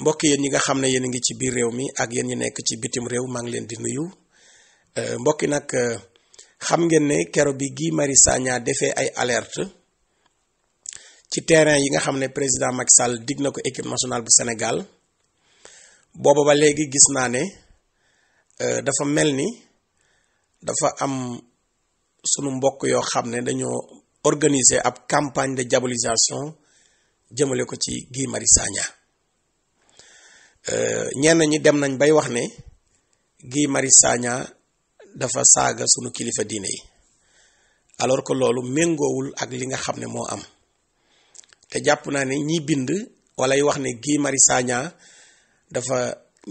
mbokk yéen ñi nga xam ne yéen a ngi ci biir réew mi ak yéen ñi nekk ci bitim réew maa ngi leen di nuyu euh, mbokk yi nag euh, xam ngeen ne kero bi Guy Marius Sagna defee ay alerte ci terrain yi nga xam ne président Macky Sall dig na ko équipe nationale bu Sénégal booba ba léegi gis naa ne euh, dafa mel ni dafa am sunu mbokk yoo xam ne dañoo organiser ab campagne de diabolisation jëmale ko ci Guy Marius Sagna Euh, ñenn ñi dem nañ bay wax ne gii mari Sagna dafa saaga suñu kilifa diine yi alors que loolu méngoowul ak li nga xam ne moo am te jàpp naa ne ñi bind wala yi wax ne Guy mari Sagna dafa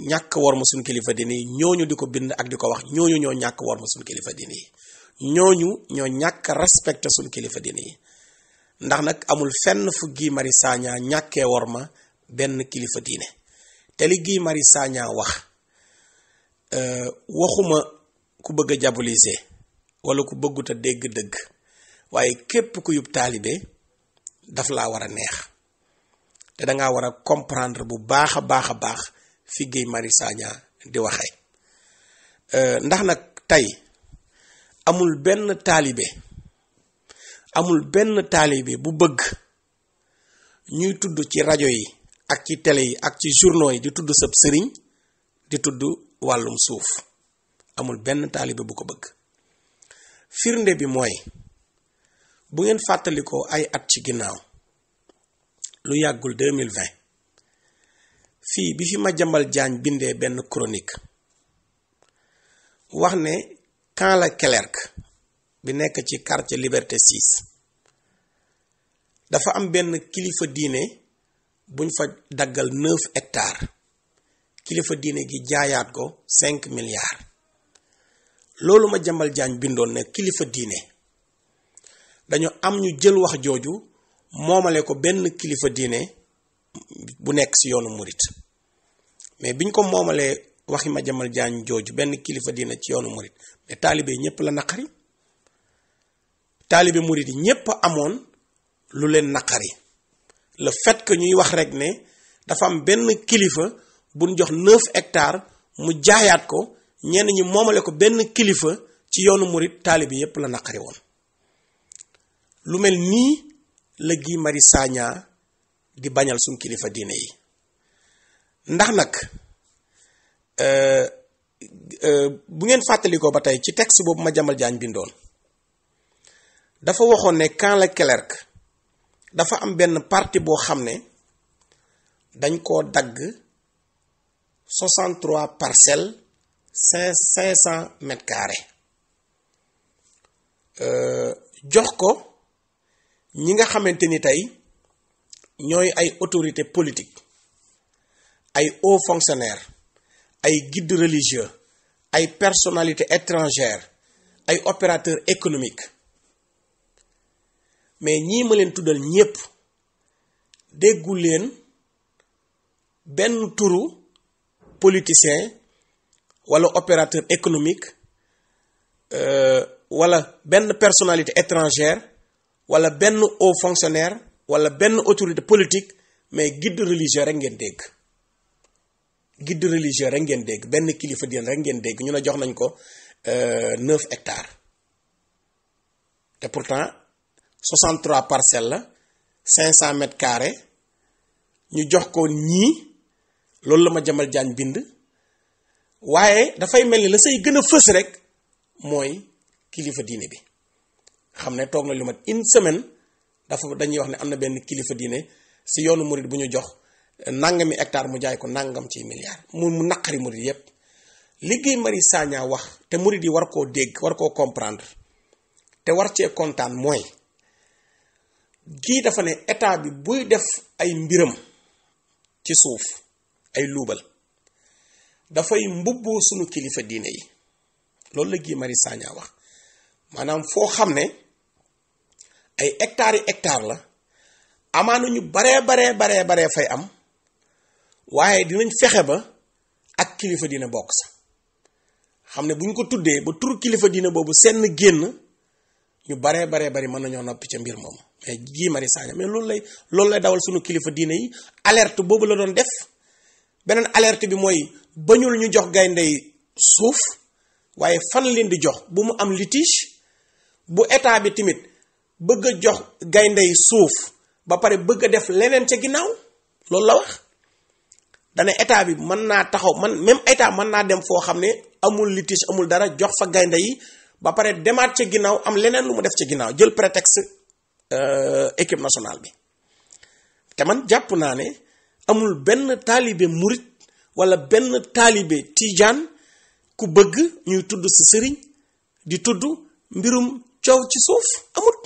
ñàkk ma suñu kilifa diine yi ñooñu di ko bind ak di ko wax ñooñu ñoo ñàkk ma suñu kilifa diine yi ñooñu ñoo ñàkk respecté suñu kilifa diine yi ndax nag amul fenn fu Guy Marius Sagna ñàkkee worma benn kilifa diine te li Guy Marius Sagna wax euh, waxuma ku bëgg a diaboliser wala ku bëggut dégg dëgg waaye képp ku yub taalibe daf laa war a neex te danga war a comprendre bu baax a baax a baax fi Guy Marius Sagna di waxee euh, ndax nag tey amul benn taalibe amul benn taalibe bu bëgg ñuy tudd ci rajo yi ak ci télé yi ak ci journaux yi di tudd sab sëriñ di tudd wàllum suuf amul benn taalibe bu ko bëgg firnde bi mooy bu ngeen fàttalikoo ay at ci ginnaaw lu yàggul 2020 fii bi fi ma jambal jaañ bindee benn chronique wax ne camp la bi nekk ci quartier Liberté 6 dafa am benn kilifa diine buñ fa daggal neuf hectares kilifa diine gi jaayaat ko cinq milliards loolu ma jambal jaañ bindoon ne kilifa diine dañu am ñu jël wax jooju moomale ko benn kilifa diine bu nekk ci yoonu murit mais biñ ko moomalee waxi ma jambal jaañ jooju benn kilifa diine ci yoonu murit mais taalibe ñépp la naqari taalibe murit yi ñépp amoon lu leen naqari le fait que ñuy wax rek ne dafa am benn kilifa buñ jox neuf hectares mu jaayaat ko ñenn ñi moomale ko benn kilifa ci yoonu murit taalibi yépp la naqari woon lu mel nii la Guy mari Sagna di bañal suñ kilifa diine yi ndax nag euh, euh, bu ngeen fàttalikoo ba tey ci texte boobu ma jamal jaañ bindoon dafa waxoon ne quand le clerc dafa am benn parti boo xam ne dañ koo dagg 63 parcelles cinq cinq cent mètres carrés euh, jox ko ñi nga xamante ni tey ñooy ay autorités politiques ay hauts fonctionnaires ay guides religieux ay personnalités étrangères ay opérateurs économiques mais ñii ma leen tuddal ñépp déggu leen benn turu politicien wala opérateur économique euh, wala benn personnalité étrangère wala benn haut fonctionnaire wala benn autorité politique mais guide religieux rek ngeen dégg gidd religieux rek ngeen dégg benn kilifa diine rek ngeen dégg ñu ne jox nañ ko euh, neuf hectares te pourtant 63 parcelles la cinq cent mètres carrés ñu jox ko ñii loolu la ma Madiambal Diagne bind waaye dafay mel ni la say gën a fës rek mooy kilifa diine bi xam ne toog na lu mat une semaine dafa dañuy wax ne am na benn kilifa diine si yoonu murid bu ñu jox nangami hectare mu jaay ko nangam ci milliard mu mu naqari murid yépp liggéey Mari Sagna wax te murid yi war koo dégg war koo comprendre te war cee kontaan mooy kii dafa ne état bi buy def ay mbiram ci suuf ay luubal dafay mbubboo suñu kilifa diine yi loolu la gii mari Sagna wax maanaam foo xam ne ay hectares yi hectare la amaana ñu baree baree baree fay am waaye dinañ fexe ba ak kilifa diine bokk sa xam ne bu ñu ko tuddee ba tur kilifa diine boobu senn génn ñu baree baree bari mën nañoo noppi ca mbir moom Eh, mais Guy mais loolu lay loolu lay dawal suñu kilifa diine yi alerte boobu la doon def beneen alerte bi mooy bañul ñu jox gaynde yi suuf waaye fan leen di jox bu mu am litige bu état bi tamit bëgg a jox gaynde yi suuf ba pare bëgg a def leneen ca ginnaaw loolu la wax dana état bi mën naa taxaw man même état mën naa dem foo xam ne amul litige amul dara jox fa gaynde yi ba pare demaat ca ginnaaw am leneen lu mu def ca ginnaaw jël prétexte Euh, équipe national bi te man jàpp naa ne amul benn taalibe murit wala benn taalibe tijaan ku bëgg ñuy tudd ci sëriñ di tudd mbirum coow ci suuf amut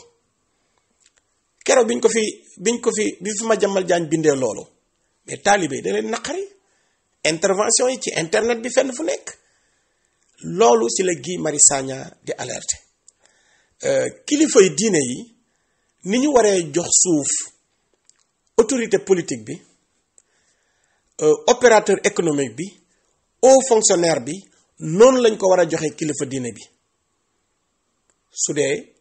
keroo biñ ko fi biñ ko fi bi fi ma jàmmal jaañ bindee loolu mais taalibe yi da leen naqari intervention yi ci internet bi fenn fu nekk loolu ci la gii Marius Sagna di alerte euh, kilifa diine yi ni ñu waree jox suuf autorité politique bi euh, opérateur économique bi haut fonctionnaire bi noonu lañ ko war a joxe kilifa diine bi su dee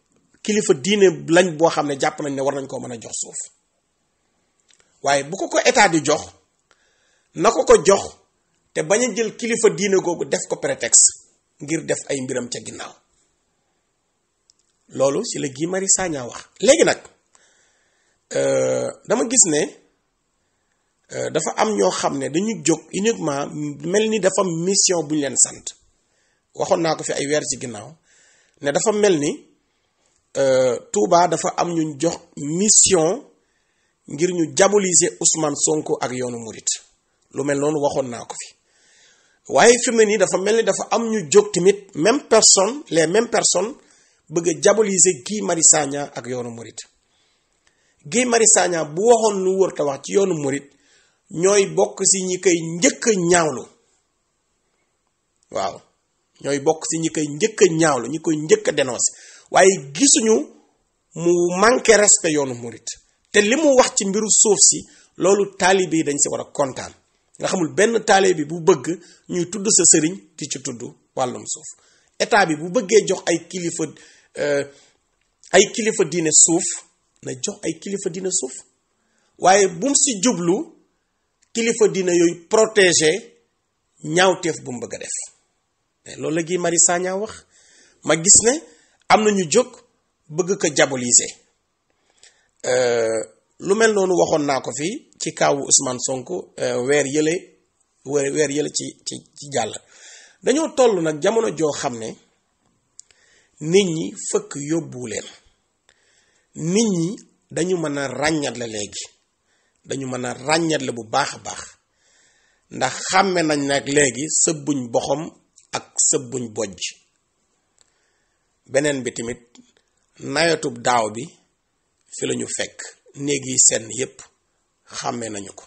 kilifa diine lañ boo xam ne jàpp nañ ne war nañ ko mën a jox suuf waaye bu ko ko état di jox na ko ko jox te bañ a jël kilifa diine googu def ko prétexte ngir def ay mbiram ca ginnaaw loolu si la gii Marius Sagna wax léegi nag euh, dama gis ne euh, dafa am ñoo xam ne dañu jóg uniquement mel ni dafa mission bu ñu leen sant waxoon naa ko fi ay weer ci ginnaaw ne dafa mel ni euh, Touba dafa am ñu jox mission ngir ñu diaboliser Ousmane Sonko ak yoonu Murit lu mel noonu waxoon naa ko fi waaye fi mu nii dafa mel ni dafa am ñu jóg tamit même personne les mêmes personnes bëgg a diaboliser mari Marius ak yoonu morit Guy mari saaña bu waxoon lu wër te wax ci yoonu morit ñooy bokk si ñi koy njëkk ñaawlu waaw ñooy bokk si ñi koy njëkk a ñaawlu ñi koy njëkk a dénoncé waaye gisuñu mu manqué respe yoonu morit te li mu wax ci mbiru suuf si loolu taalibe yi dañ si war a kontaan nga xamul benn taalibe bi bu bëgg ñuy tudd sa sëriñ di ci tudd wàllum suuf état bi bu bëggee jox ay kilifa Euh, ay kilifa diine suuf na jox ay kilifa diine suuf waaye bum si jublu kilifa diine yooyu protéger ñaawteef bu mu bëgg a def mais loolu la gi Mari Sagna wax ma gis ne am na ñu jóg bëgg ko diaboliser euh, lu mel noonu waxoon naa ko fii ci kaawu Ousmane sonk euh, weer yële weer yële ci ci ci jàll dañoo toll nag jamono joo xam ne. nit ñi fëkk yóbbuwu leen nit ñi dañu mën a ràññat léegi dañu mën a ràññat bu baax a baax ndax xàmme nañ nag léegi sëbbuñ boxom ak sëbbuñ bojj beneen bi tamit daaw bi fi lañu fekk néeg seen senn yépp xàmme nañu ko